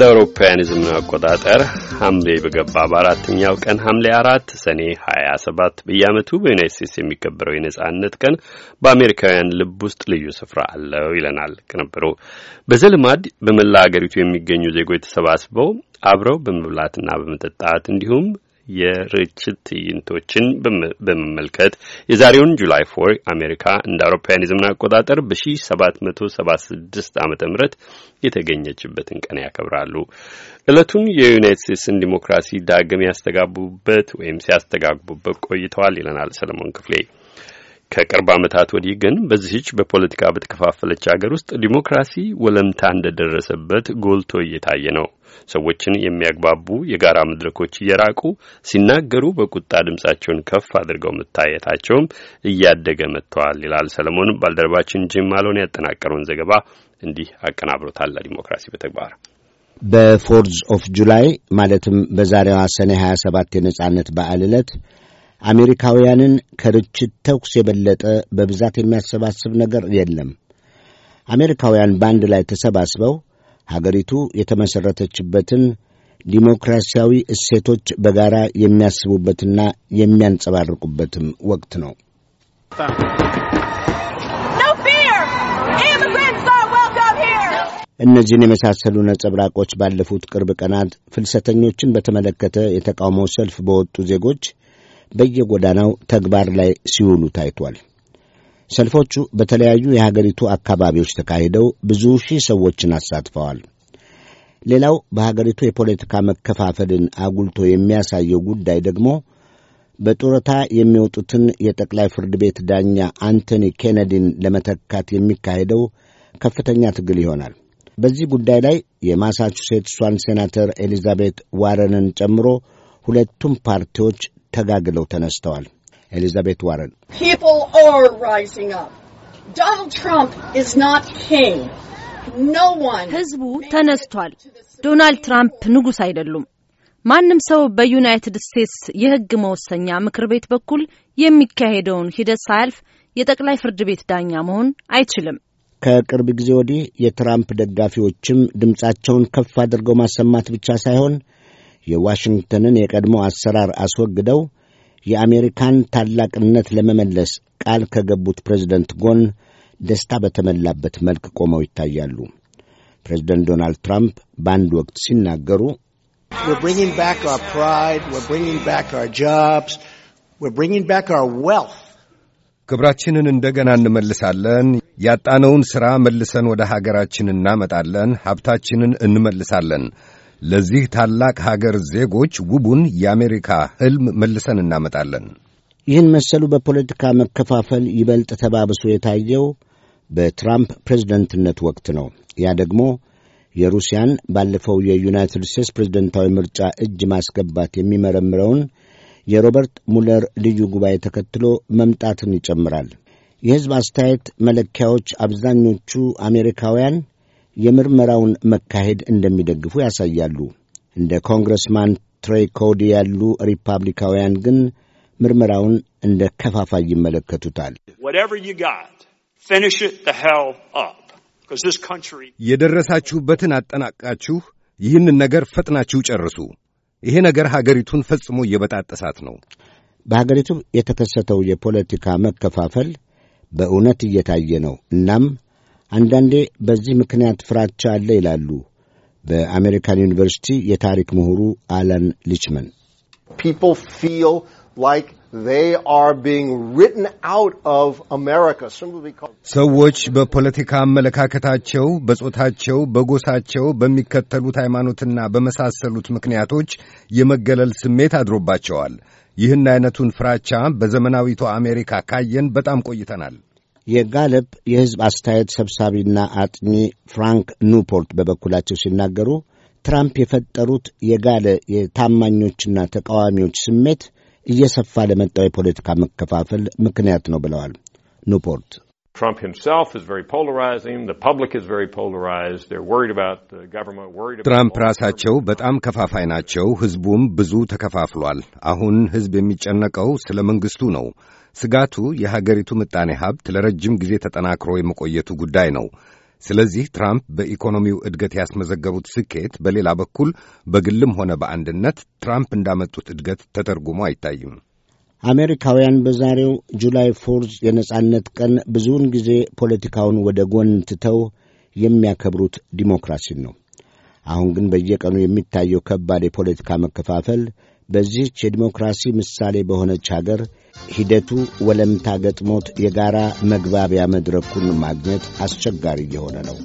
እንደ አውሮፓውያን የዘመን አቆጣጠር ሐምሌ በገባ በአራተኛው ቀን ሐምሌ አራት ሰኔ ሀያ ሰባት በየዓመቱ በዩናይት ስቴትስ የሚከበረው የነጻነት ቀን በአሜሪካውያን ልብ ውስጥ ልዩ ስፍራ አለው ይለናል ቅንብሩ። በዘልማድ በመላ አገሪቱ የሚገኙ ዜጎች ተሰባስበው አብረው በመብላትና በመጠጣት እንዲሁም የርችት ትዕይንቶችን በመመልከት የዛሬውን ጁላይ ፎር አሜሪካ እንደ አውሮፓውያን የዘመን አቆጣጠር በ1776 ዓ ም የተገኘችበትን ቀን ያከብራሉ። ዕለቱን የዩናይት ስቴትስን ዲሞክራሲ ዳግም ያስተጋቡበት ወይም ሲያስተጋግቡበት ቆይተዋል ይለናል ሰለሞን ክፍሌ። ከቅርብ ዓመታት ወዲህ ግን በዚህች በፖለቲካ በተከፋፈለች አገር ውስጥ ዲሞክራሲ ወለምታ እንደደረሰበት ጎልቶ እየታየ ነው። ሰዎችን የሚያግባቡ የጋራ መድረኮች እየራቁ ሲናገሩ በቁጣ ድምጻቸውን ከፍ አድርገው መታየታቸውም እያደገ መጥተዋል ይላል ሰለሞን። ባልደረባችን ጂም ማሎን ያጠናቀረውን ዘገባ እንዲህ አቀናብሮታል። ለዲሞክራሲ በተግባር በፎርዝ ኦፍ ጁላይ ማለትም በዛሬዋ ሰኔ 27 የነጻነት በዓል ዕለት አሜሪካውያንን ከርችት ተኩስ የበለጠ በብዛት የሚያሰባስብ ነገር የለም። አሜሪካውያን በአንድ ላይ ተሰባስበው ሀገሪቱ የተመሠረተችበትን ዲሞክራሲያዊ እሴቶች በጋራ የሚያስቡበትና የሚያንጸባርቁበትም ወቅት ነው። እነዚህን የመሳሰሉ ነጸብራቆች ባለፉት ቅርብ ቀናት ፍልሰተኞችን በተመለከተ የተቃውሞ ሰልፍ በወጡ ዜጎች በየጎዳናው ተግባር ላይ ሲውሉ ታይቷል። ሰልፎቹ በተለያዩ የሀገሪቱ አካባቢዎች ተካሂደው ብዙ ሺህ ሰዎችን አሳትፈዋል። ሌላው በሀገሪቱ የፖለቲካ መከፋፈልን አጉልቶ የሚያሳየው ጉዳይ ደግሞ በጡረታ የሚወጡትን የጠቅላይ ፍርድ ቤት ዳኛ አንቶኒ ኬነዲን ለመተካት የሚካሄደው ከፍተኛ ትግል ይሆናል። በዚህ ጉዳይ ላይ የማሳቹሴትሷን ሴናተር ኤሊዛቤት ዋረንን ጨምሮ ሁለቱም ፓርቲዎች ተጋግለው ተነስተዋል። ኤሊዛቤት ዋረን ህዝቡ ተነስቷል። ዶናልድ ትራምፕ ንጉሥ አይደሉም። ማንም ሰው በዩናይትድ ስቴትስ የሕግ መወሰኛ ምክር ቤት በኩል የሚካሄደውን ሂደት ሳያልፍ የጠቅላይ ፍርድ ቤት ዳኛ መሆን አይችልም። ከቅርብ ጊዜ ወዲህ የትራምፕ ደጋፊዎችም ድምፃቸውን ከፍ አድርገው ማሰማት ብቻ ሳይሆን የዋሽንግተንን የቀድሞ አሰራር አስወግደው የአሜሪካን ታላቅነት ለመመለስ ቃል ከገቡት ፕሬዝደንት ጎን ደስታ በተሞላበት መልክ ቆመው ይታያሉ። ፕሬዝደንት ዶናልድ ትራምፕ በአንድ ወቅት ሲናገሩ ክብራችንን እንደገና እንመልሳለን፣ ያጣነውን ሥራ መልሰን ወደ ሀገራችን እናመጣለን፣ ሀብታችንን እንመልሳለን ለዚህ ታላቅ ሀገር ዜጎች ውቡን የአሜሪካ ሕልም መልሰን እናመጣለን። ይህን መሰሉ በፖለቲካ መከፋፈል ይበልጥ ተባብሶ የታየው በትራምፕ ፕሬዝደንትነት ወቅት ነው። ያ ደግሞ የሩሲያን ባለፈው የዩናይትድ ስቴትስ ፕሬዝደንታዊ ምርጫ እጅ ማስገባት የሚመረምረውን የሮበርት ሙለር ልዩ ጉባኤ ተከትሎ መምጣትን ይጨምራል። የሕዝብ አስተያየት መለኪያዎች አብዛኞቹ አሜሪካውያን የምርመራውን መካሄድ እንደሚደግፉ ያሳያሉ። እንደ ኮንግረስማን ትሬይ ኮዲ ያሉ ሪፓብሊካውያን ግን ምርመራውን እንደ ከፋፋይ ይመለከቱታል። የደረሳችሁበትን አጠናቃችሁ ይህን ነገር ፈጥናችሁ ጨርሱ። ይሄ ነገር ሀገሪቱን ፈጽሞ እየበጣጠሳት ነው። በሀገሪቱ የተከሰተው የፖለቲካ መከፋፈል በእውነት እየታየ ነው። እናም አንዳንዴ በዚህ ምክንያት ፍራቻ አለ ይላሉ በአሜሪካን ዩኒቨርሲቲ የታሪክ ምሁሩ አላን ሊችመን። ሰዎች በፖለቲካ አመለካከታቸው፣ በጾታቸው፣ በጎሳቸው፣ በሚከተሉት ሃይማኖትና በመሳሰሉት ምክንያቶች የመገለል ስሜት አድሮባቸዋል። ይህን አይነቱን ፍራቻ በዘመናዊቷ አሜሪካ ካየን በጣም ቆይተናል። የጋለፕ የሕዝብ አስተያየት ሰብሳቢና አጥኚ ፍራንክ ኑፖርት በበኩላቸው ሲናገሩ ትራምፕ የፈጠሩት የጋለ የታማኞችና ተቃዋሚዎች ስሜት እየሰፋ ለመጣው የፖለቲካ መከፋፈል ምክንያት ነው ብለዋል ኑፖርት Trump himself is very polarizing. The public is very polarized. They're worried about the government, worried about ትራምፕ ራሳቸው በጣም ከፋፋይ ናቸው። ህዝቡም ብዙ ተከፋፍሏል። አሁን ህዝብ የሚጨነቀው ስለ መንግስቱ ነው። ስጋቱ የሀገሪቱ ምጣኔ ሀብት ለረጅም ጊዜ ተጠናክሮ የመቆየቱ ጉዳይ ነው። ስለዚህ ትራምፕ በኢኮኖሚው እድገት ያስመዘገቡት ስኬት በሌላ በኩል በግልም ሆነ በአንድነት ትራምፕ እንዳመጡት እድገት ተተርጉሞ አይታይም። አሜሪካውያን በዛሬው ጁላይ ፎርዝ የነጻነት ቀን ብዙውን ጊዜ ፖለቲካውን ወደ ጎን ትተው የሚያከብሩት ዲሞክራሲን ነው። አሁን ግን በየቀኑ የሚታየው ከባድ የፖለቲካ መከፋፈል በዚህች የዲሞክራሲ ምሳሌ በሆነች አገር ሂደቱ ወለምታ ገጥሞት የጋራ መግባቢያ መድረኩን ማግኘት አስቸጋሪ እየሆነ ነው።